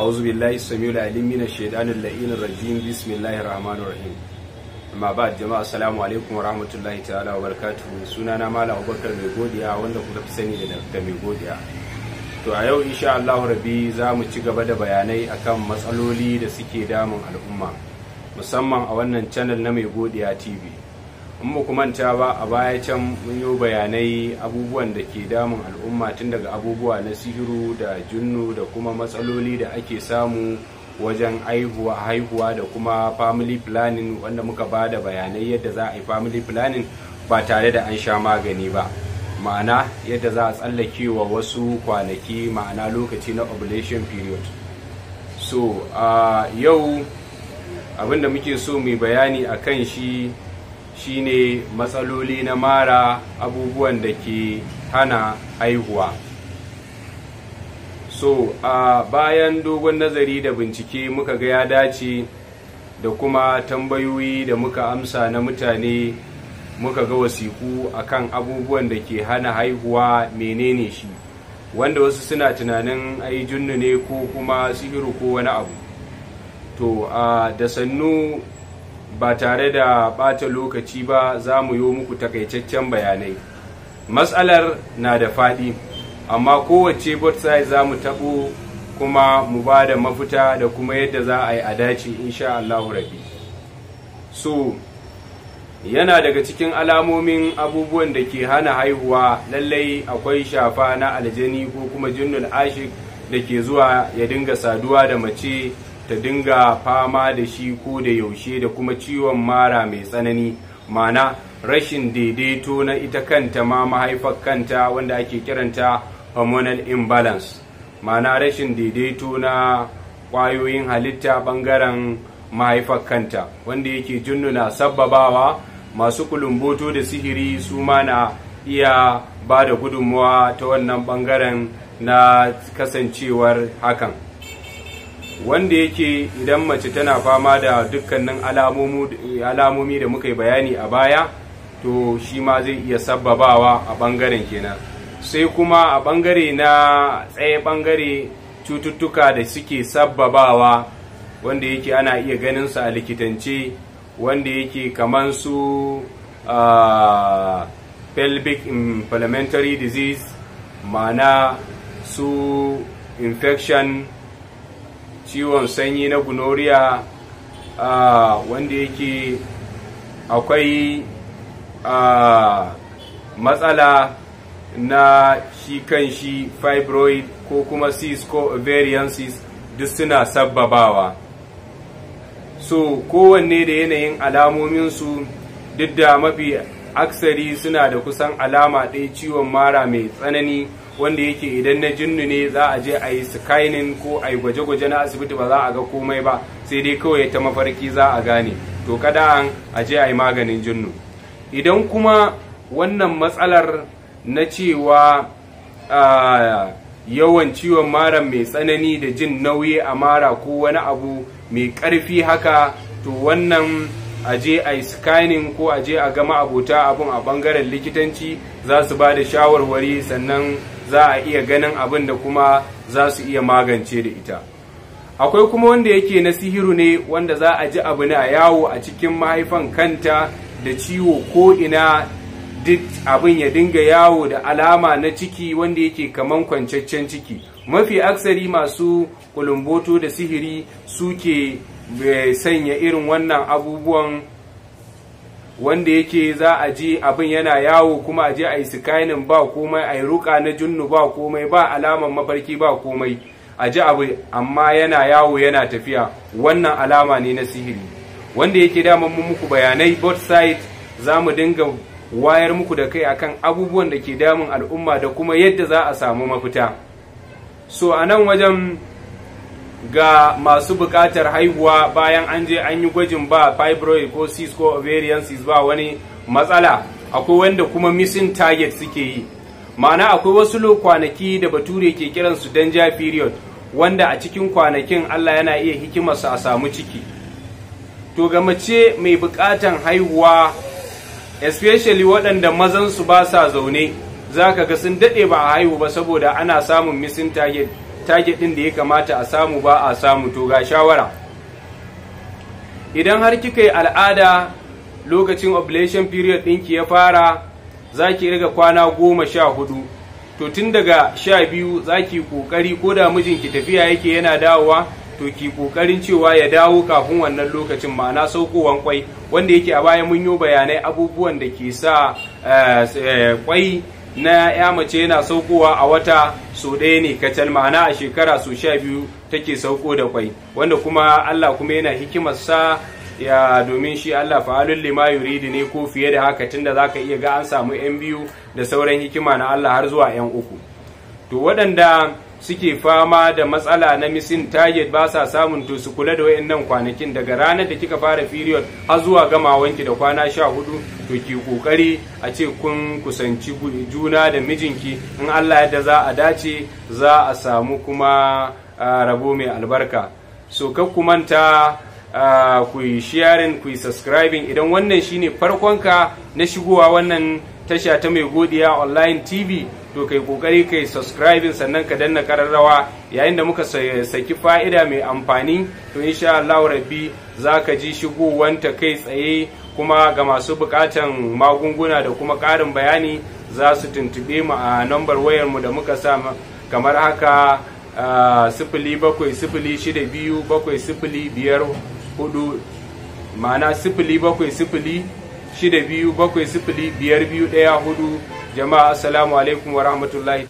أعوذ billahi السميع العليم من الشيطان اللعين الرجيم بسم الله rahim. amma ba jama'a assalamu alaikum wa rahmatullahi ta'ala wa suna sunana malam abubakar mai godiya wanda kuka fi sani da mai godiya to a yau insha Allahu Rabi za mu ci gaba da bayanai akan matsaloli da suke damun al'umma musamman a wannan channel na mai godiya tv in ba ku manta ba a baya can mun yi bayanai abubuwan da ke damun al'umma tun daga abubuwa na sihiru da junnu da kuma matsaloli da ake samu wajen haihuwa haihuwa da kuma family planning wanda muka ba da bayanai yadda za a yi family planning ba tare da an sha magani ba ma'ana yadda za a tsallake wa wasu kwanaki ma'ana lokaci na ovulation period so uh, yau abinda muke so mai bayani a kan shi shine matsaloli na mara abubuwan da ke hana haihuwa so a uh, bayan dogon nazari da bincike muka ga ya dace da kuma tambayoyi da muka amsa na mutane muka ga wasiku akan abubuwan da ke hana haihuwa menene shi wanda wasu suna tunanin ayi ne ko kuma sihiru ko wani abu to uh, da sannu ba tare da ɓata lokaci ba za mu yi muku takaitaccen bayanai matsalar na da faɗi amma kowace botsai za mu taɓo kuma mu ba da mafita da kuma yadda za a yi a dace insha Allahu rabi so yana daga cikin alamomin abubuwan da ke hana haihuwa lallai akwai shafa na aljani ko kuma jinnul ashik da ke zuwa ya dinga saduwa da mace ta dinga fama da shi ko da yaushe da kuma ciwon mara mai tsanani mana rashin daidaito na ita kanta ma mahaifar kanta wanda ake kiranta hormonal imbalance mana rashin daidaito na kwayoyin halitta bangaren mahaifar kanta wanda yake junnuna sababawa masu kulumboto da sihiri su ma na iya ba da gudunmuwa ta wannan bangaren na kasancewar hakan wanda yake idan mace tana fama da dukkanin alamomi da muka yi bayani a baya to shi ma zai iya sabbabawa a ɓangaren kenan sai kuma a ɓangare na tsaye ɓangare cututtuka da suke sabbabawa wanda yake ana iya ganin su a likitance wanda yake kamar su pelvic inflammatory disease ma'ana su infection ciwon sanyi na gunoriya wanda yake akwai matsala na shi kan shi fibroid ko kuma cyst ko ovarian duk suna sabbabawa so kowanne da yanayin alamominsu duk da mafi aksari suna da kusan alama ɗaya ciwon mara mai tsanani wanda yake idan na jinnu ne za a je a yi scanning ko a yi gwaje-gwaje na asibiti ba za a ga komai ba sai dai kawai ta mafarki za a gane to kada an a je a yi maganin jinnu idan kuma wannan matsalar na cewa yawan ciwon mara mai tsanani da jin nauyi a mara ko wani abu mai ƙarfi haka to wannan a je a yi scanning ko a je a gama abota abin a bangaren likitanci za su ba da shawarwari sannan za a iya ganin abin da kuma za su iya magance da ita akwai kuma wanda yake na sihiru ne wanda za a ji abu ne a yawo a cikin mahaifan kanta da ciwo ko ina duk abin ya dinga yawo da alama na ciki wanda yake kaman kwanciyar ciki mafi aksari masu kulumboto da sihiri suke bai sanya irin wannan abubuwan wanda yake za a ji abin yana yawo kuma a je a yi sikainin ba komai a yi ruka na junnu ba komai ba alaman mafarki ba komai a ji abu amma yana yawo yana tafiya wannan alama ne na sihiri wanda yake daman mu muku bayanai both side za mu dinga wayar muku da kai akan abubuwan da ke damun al'umma da kuma yadda za a samu mafita so a nan wajen ga masu bukatar haihuwa bayan an je an yi gwajin ba fibroid ko cyst ko ovarian cyst ba wani matsala akwai wanda kuma missing target suke yi ma'ana akwai wasu kwanaki da bature ke kiran su danger period wanda a cikin kwanakin Allah yana iya hikimar sa a samu ciki to ga mace mai bukatan haihuwa especially waɗanda mazan su ba sa zaune zaka ga sun daɗe ba a haihu ba saboda ana samun missing target target ɗin da ya kamata a samu ba a samu to ga shawara idan har kika yi al'ada lokacin ovulation period ɗinki ya fara za ki riga kwana goma sha hudu to tun daga sha biyu za ki ƙoƙari ko da mijinki tafiya yake yana dawowa to ki ƙoƙarin cewa ya dawo kafin wannan lokacin ma'ana saukowan kwai wanda yake a baya mun yi bayanai abubuwan da ke sa kwai eh, eh, na ya mace yana saukowa a wata so ɗaya ne kacal ma'ana a shekara so sha biyu take sauko da kwai wanda kuma Allah kuma yana hikimarsa ya domin shi Allah fa'alun lima yuridi ne ko fiye da haka tunda zaka iya ga an samu yan biyu da sauran hikima na Allah har zuwa yan uku to waɗanda suke fama da matsala na misin target ba sa samun to su kula da wayannan kwanakin daga ranar da kika fara period har zuwa gamawanki da kwana sha hudu to ki kokari a ce kun kusanci juna da mijinki in Allah yadda za a dace za a samu kuma rabo mai albarka so ka ku manta ku yi sharing ku yi subscribing idan wannan shine farkonka na shigowa wannan tasha ta mai godiya online tv to kai kokari kai subscribing sannan ka danna kararrawa yayin da muka saki fa'ida mai amfani to insha Allah rabbi zaka ji shigowanta kai tsaye kuma ga masu bukatan magunguna da kuma karin bayani za su tuntube mu a nambar wayar mu da muka sa kamar haka sifili bakwai sifili shida biyu bakwai sifili biyar hudu ma'ana sifili bakwai sifili shida biyu bakwai sifili biyar biyu ɗaya hudu jama'a assalamu alaikum wa rahmatullahi